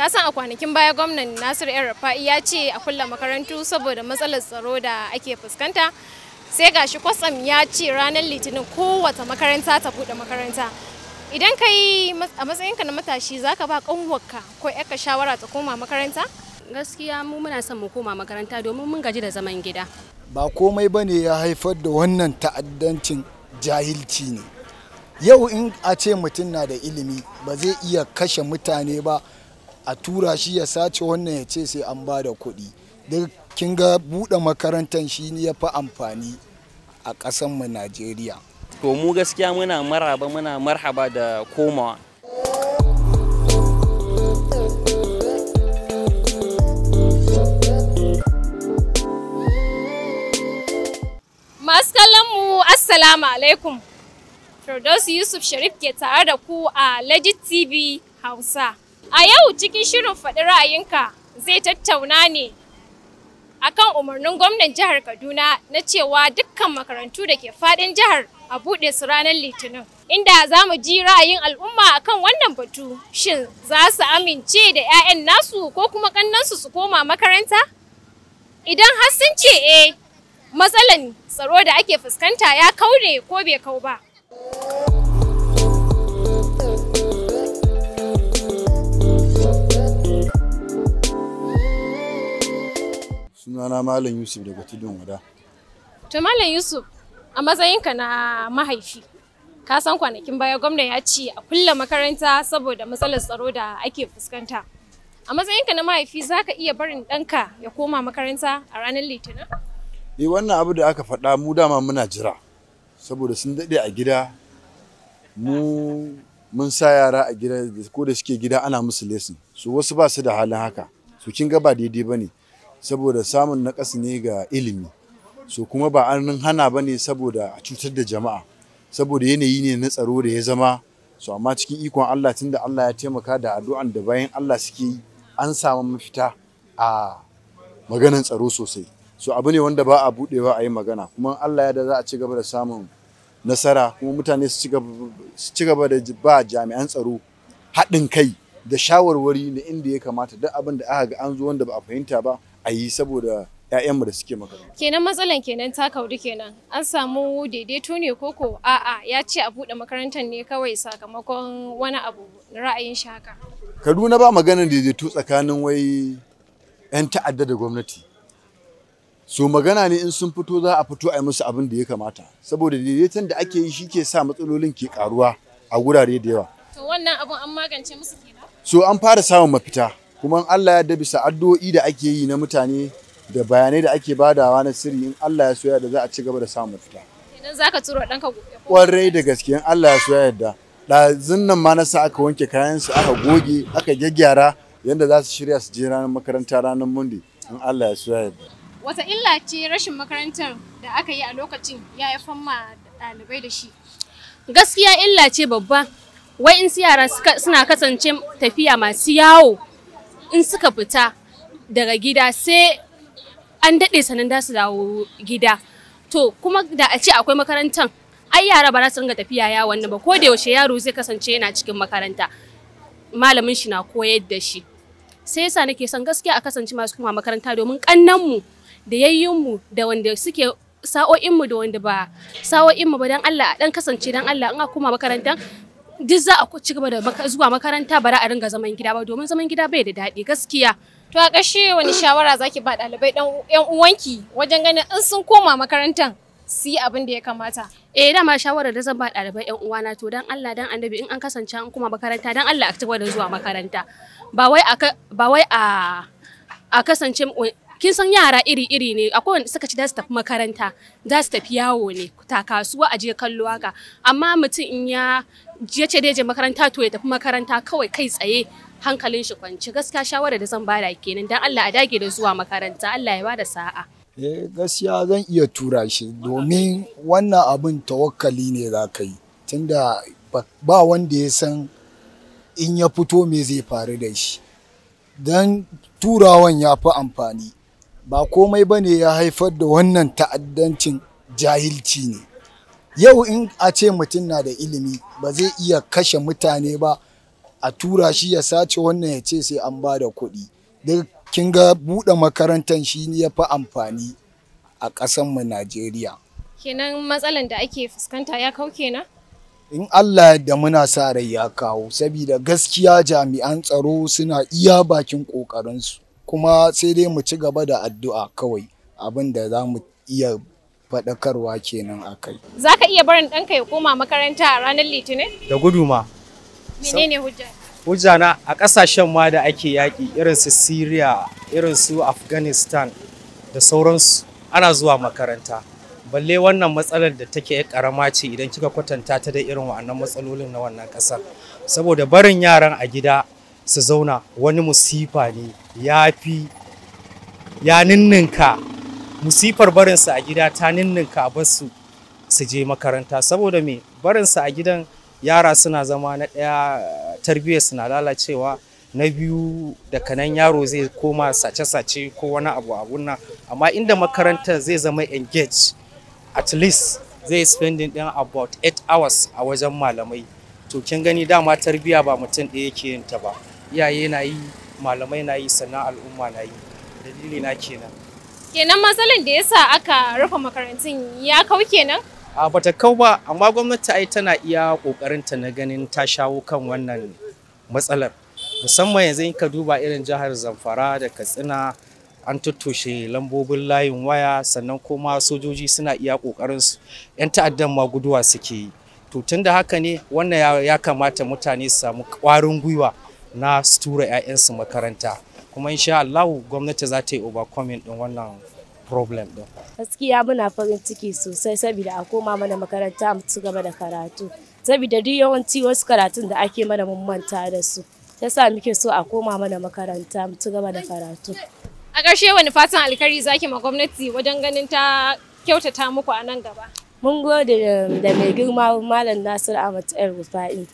ka san a kwanakin baya gwamnan nasiru yan rafa'i ya ce a kulla makarantu saboda matsalar tsaro da ake fuskanta sai gashi kwatsam ya ce ranar litinin kowace makaranta ta bude makaranta idan ka yi a matsayinka na matashi za ka ba ƙanwarka ko yaka shawara ta koma makaranta gaskiya mu muna son mu koma makaranta domin mun gaji da zaman gida ba komai ba ne ya haifar da wannan ta'addancin jahilci ne yau in a ce mutum na da ilimi ba zai iya kashe mutane ba a tura shi ya sace wannan ya ce sai an ba da kuɗi duk kin ga buɗe makarantar shi ne ya fi amfani a ƙasanmu najeriya to mu gaskiya muna maraba muna marhaba da komawa masu kallon mu assalamu alaikum Firdausi Yusuf Sharif ke tare da ku a Legit TV Hausa. A yau cikin shirin faɗi ra'ayinka zai tattauna ne akan umarnin gwamnan jihar Kaduna na cewa dukkan makarantu da ke faɗin jihar a buɗe su ranar Litinin. Inda za mu ji ra'ayin al'umma akan wannan batu, shin za su amince da 'ya'yan nasu ko kuma ƙannansu su koma makaranta? Idan har sun ce eh, matsalan tsaro da ake fuskanta ya kaure ko bai kau ba. sunana Malam Yusuf daga Tudun Wada. To Malam Yusuf, a matsayinka na mahaifi, ka san kwanakin baya gwamna ya ce a kulle makaranta saboda matsalar tsaro da ake fuskanta. A matsayinka na mahaifi za ka iya barin ɗanka ya koma makaranta a ranar Litinin? Eh wannan abu da aka faɗa mu dama muna jira, saboda sun daɗe a gida mu mun sa yara a gida ko da suke gida ana musu lesson. So wasu ba su da halin haka. So kin ga ba daidai ba ne. saboda samun naƙas ne ga ilimi so kuma ba an hana ba ne saboda a cutar da jama'a saboda yanayi ne na tsaro da ya zama so amma cikin ikon Allah tunda Allah ya taimaka da addu'an da bayan Allah suke yi an samu mafita a maganan tsaro sosai so abu ne wanda ba a budewa a yi magana kuma Allah ya da za a ci gaba da samun nasara kuma mutane su ci gaba da ba jami'an tsaro haɗin kai da shawarwari na inda ya kamata duk abin da aka ga an zo wanda ba a fahimta ba a yi saboda ‘ya'yanmu da suke makaranta. Kenan matsalan kenan ta kaudu kenan an samu daidaito ne koko a'a ya ce a buɗe makarantar ne kawai sakamakon wani abu ra'ayin shi haka. Kaduna ba maganar daidaito tsakanin wai ‘yan ta'adda da gwamnati. So magana ne in sun fito za a fito a yi musu abin da ya kamata saboda daidaiton da ake yi shi ke sa matsalolin ke karuwa a wurare da yawa. To wannan abun an magance musu kenan? So an fara samun mafita. kuma Allah ya da bisa addu'o'i da ake yi na mutane da bayanai da ake badawa na sirri in Allah ya soya da za a ci gaba da samun fita. Idan za ka turo ɗanka Kwarai da gaske in Allah ya soya yadda. Ɗazun nan ma na sa aka wanke kayansu aka goge aka gyaggyara yadda za su shirya su je ranar makaranta ranar Monday in Allah ya soya yadda. Wata illa ce rashin makarantar da aka yi a lokacin ya haifar ma ɗalibai da shi. Gaskiya illa ce babba. Wai in su yara suna kasance tafiya masu yawo in suka fita daga gida sai an daɗe sanan da su dawo gida to kuma da a ce akwai makarantan, ai yara ba za su ringa tafiya yawon nan ba ko da yaushe yaro zai kasance yana cikin makaranta malamin shi na koyar da shi sai yasa nake son gaskiya a kasance masu kuma makaranta domin mu da mu da wanda suke sa'o'in mu da wanda ba sa'o'in mu ba dan Allah dan kasance dan Allah in a kuma makarantan duk za a ci gaba da zuwa makaranta ba za a ringa zaman gida ba domin zaman gida bai da daɗi gaskiya. To a ƙarshe wani shawara zaki ba ɗalibai ɗan ƴan uwanki wajen ganin in sun koma makarantan su yi abin da ya kamata. Eh dama shawarar da zan ba ɗalibai ƴan uwana to dan Allah dan Annabi in an kasance an kuma makaranta dan Allah a ci gaba da zuwa makaranta. Ba wai a ba wai a a kasance kin san yara iri-iri ne akwai wanda suka ci za su tafi makaranta za su tafi yawo ne ta kasuwa a je kallo haka amma mutum in ya je ce je makaranta to ya tafi makaranta kawai kai tsaye hankalin shi kwanci gaskiya shawara da zan bada kenan dan Allah a dage da zuwa makaranta Allah ya bada sa'a eh gaskiya zan iya tura shi domin wannan abin tawakkali ne za ka yi tunda ba wanda ya san in ya fito me zai faru da shi don turawan ya fi amfani ba komai ba ne ya haifar da wannan ta'addancin jahilci ne yau in a ce mutum na da ilimi ba zai iya kashe mutane ba a tura shi ya sace wannan ya ce sai an ba da kuɗi duk kin ga buɗe makarantar shi ya fi amfani a ƙasanmu najeriya kenan matsalan da ake fuskanta ya kau kenan in Allah da muna sa rai ya kawo saboda gaskiya jami'an tsaro suna iya bakin ƙoƙarinsu kuma sai dai mu ci gaba da addu'a kawai abin da za mu iya faɗakarwa kenan a kai. Za ka iya barin ɗanka ya koma makaranta a ranar Litinin? Da gudu ma. Menene hujja? Hujja na a ƙasashen ma da ake yaƙi irin su Syria, irin su Afghanistan da sauransu ana zuwa makaranta. Balle wannan matsalar da take ya ƙarama ce idan kika kwatanta ta da irin wa'annan matsalolin na wannan ƙasar. Saboda barin yaran a gida su zauna wani musifa ne ya fi ya ninninka musifar barinsu a gida ta ninninka a basu su je makaranta saboda mai barinsu a gidan yara suna zama na ɗaya tarbiyyar suna lalacewa na biyu da kanan yaro zai koma sace-sace ko wani abu abun nan amma inda makarantar zai zama engage at least zai spending din about 8 hours a wajen malamai to kin gani dama tarbiyya ba mutum ɗaya yake yin ta ba iyaye na yi malamai na yi sannan al'umma na yi dalili na kenan kenan matsalar da yasa aka rufe makarantun ya kau kenan a bata kau ba amma gwamnati ai tana iya ta na ganin ta shawo kan wannan matsalar musamman yanzu in ka duba irin jihar zamfara da katsina an tuttushe lambobin layin waya sannan kuma sojoji suna iya kokarin su yan ta'addan ma guduwa suke yi to tun da haka ne wannan ya kamata mutane su samu kwarin gwiwa na tura 'ya'yansu makaranta kuma insha Allah gwamnati za ta yi overcoming din wannan problem din gaskiya muna farin ciki sosai saboda a koma mana makaranta mu ci gaba da karatu saboda duk yawanci wasu karatun da ake mana mun manta da su yasa muke so a koma mana makaranta mu ci gaba da karatu a ƙarshe wani fatan alkari zaki ma gwamnati wajen ganin ta kyautata muku a nan gaba mun gode da mai girma malam Nasir Ahmad El Rufai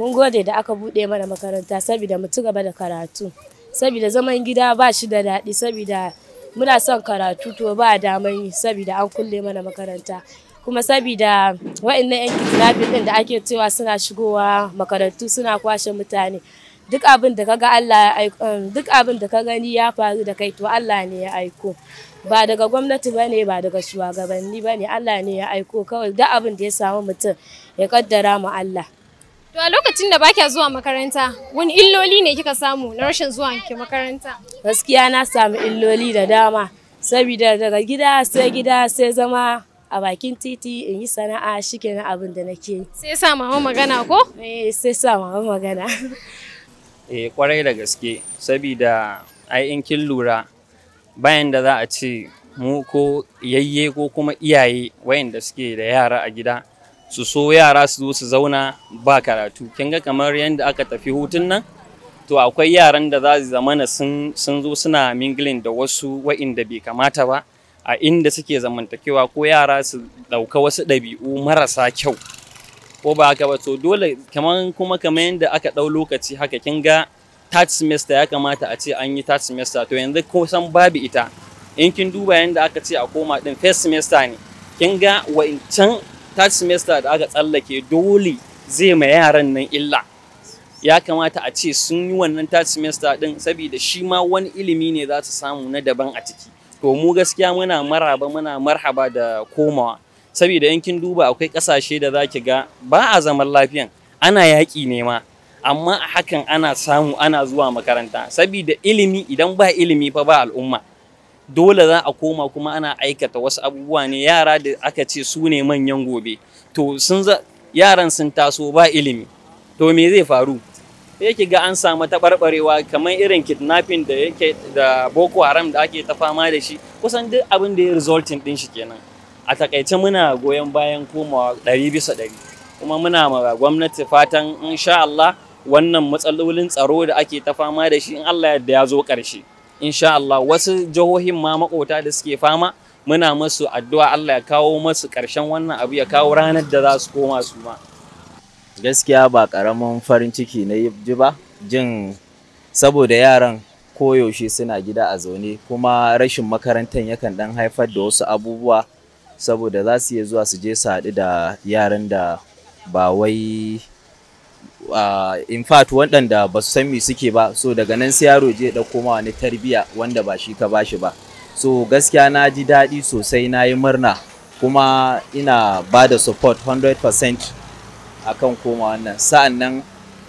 mun gode da aka buɗe mana makaranta saboda mu ci gaba da karatu saboda zaman gida ba shi da daɗi saboda muna son karatu to ba daman yi saboda an kulle mana makaranta kuma saboda wa'annan 'yan kidnapping din da ake cewa suna shigowa makarantu suna kwashe mutane duk abin da kaga Allah um, duk abin da ka gani ya faru da kai to Allah ne ya aiko ba daga gwamnati bane ba daga shugabanni bane Allah ne ya aiko kawai duk abin da ya samu mutum ya kaddara mu Allah To a lokacin da baki zuwa makaranta, wani illoli ne kika samu na rashin zuwa ke makaranta? Gaskiya na samu illoli da dama, saboda daga gida sai gida sai zama a bakin titi in yi sana'a shike na abin da nake. Sai sa mama magana ko? Eh sai sa mama magana. Eh kwarai da gaske, saboda ai in kin lura bayan da za a ce mu ko yayye ko kuma iyaye wayanda suke da yara a gida su so yara su zo su zauna ba karatu kin ga kamar yadda aka tafi hutun nan to akwai yaran da za su zamana sun zo suna mingilin da wasu wa'inda bai kamata ba a inda suke zamantakewa ko yara su ɗauka wasu ɗabi'u marasa kyau ko ba haka ba to dole kamar kuma kamar yadda aka ɗau lokaci haka kin ga third semester ya kamata a ce an yi third semester to yanzu ko san babu ita in kin duba yadda aka ce a koma din first semester ne kin ga wa'incan third semester da aka tsallake dole zai ma yaran nan illa ya kamata a ce sun yi wannan third semester din saboda shi ma wani ilimi ne za su samu na daban a ciki to mu gaskiya muna maraba muna marhaba da komawa saboda yankin duba akwai kasashe da za ki ga ba a zaman lafiyan ana yaƙi ne ma amma a hakan ana samu ana zuwa makaranta saboda ilimi idan ba ilimi fa ba al'umma dole za a koma kuma ana aikata wasu abubuwa ne yara da aka ce su ne manyan gobe to sun yaran sun taso ba ilimi to me zai faru yake ga an samu taɓarɓarewa kamar irin kidnapping da yake da boko haram da ake ta fama da shi kusan duk abin da ya resulting din shi kenan a takaice muna goyon bayan komawa ɗari bisa ɗari kuma muna ma gwamnati fatan insha Allah wannan matsalolin tsaro da ake ta fama da shi in Allah yadda ya zo ƙarshe. insha Allah wasu jihohin ma makota da suke fama muna masu addu'a Allah ya kawo masu ƙarshen wannan abu ya kawo ranar da za su koma su ma gaskiya ba ƙaramin farin ciki na ji ba jin saboda yaran koyaushe suna gida a zaune kuma rashin makarantar yakan dan haifar da wasu abubuwa saboda za su iya zuwa su je su haɗu da yaran da ba wai in fact waɗanda ba su san me suke ba so daga nan sai yaro je da koma wani tarbiya wanda ba shi ka bashi ba so gaskiya na ji daɗi sosai na yi murna kuma ina ba da support 100% akan koma wannan sa'an nan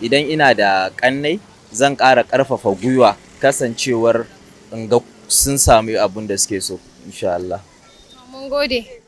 idan ina da ƙannai zan ƙara ƙarfafa gwiwa kasancewar in ga sun sami abin da suke so insha Allah. Mun gode.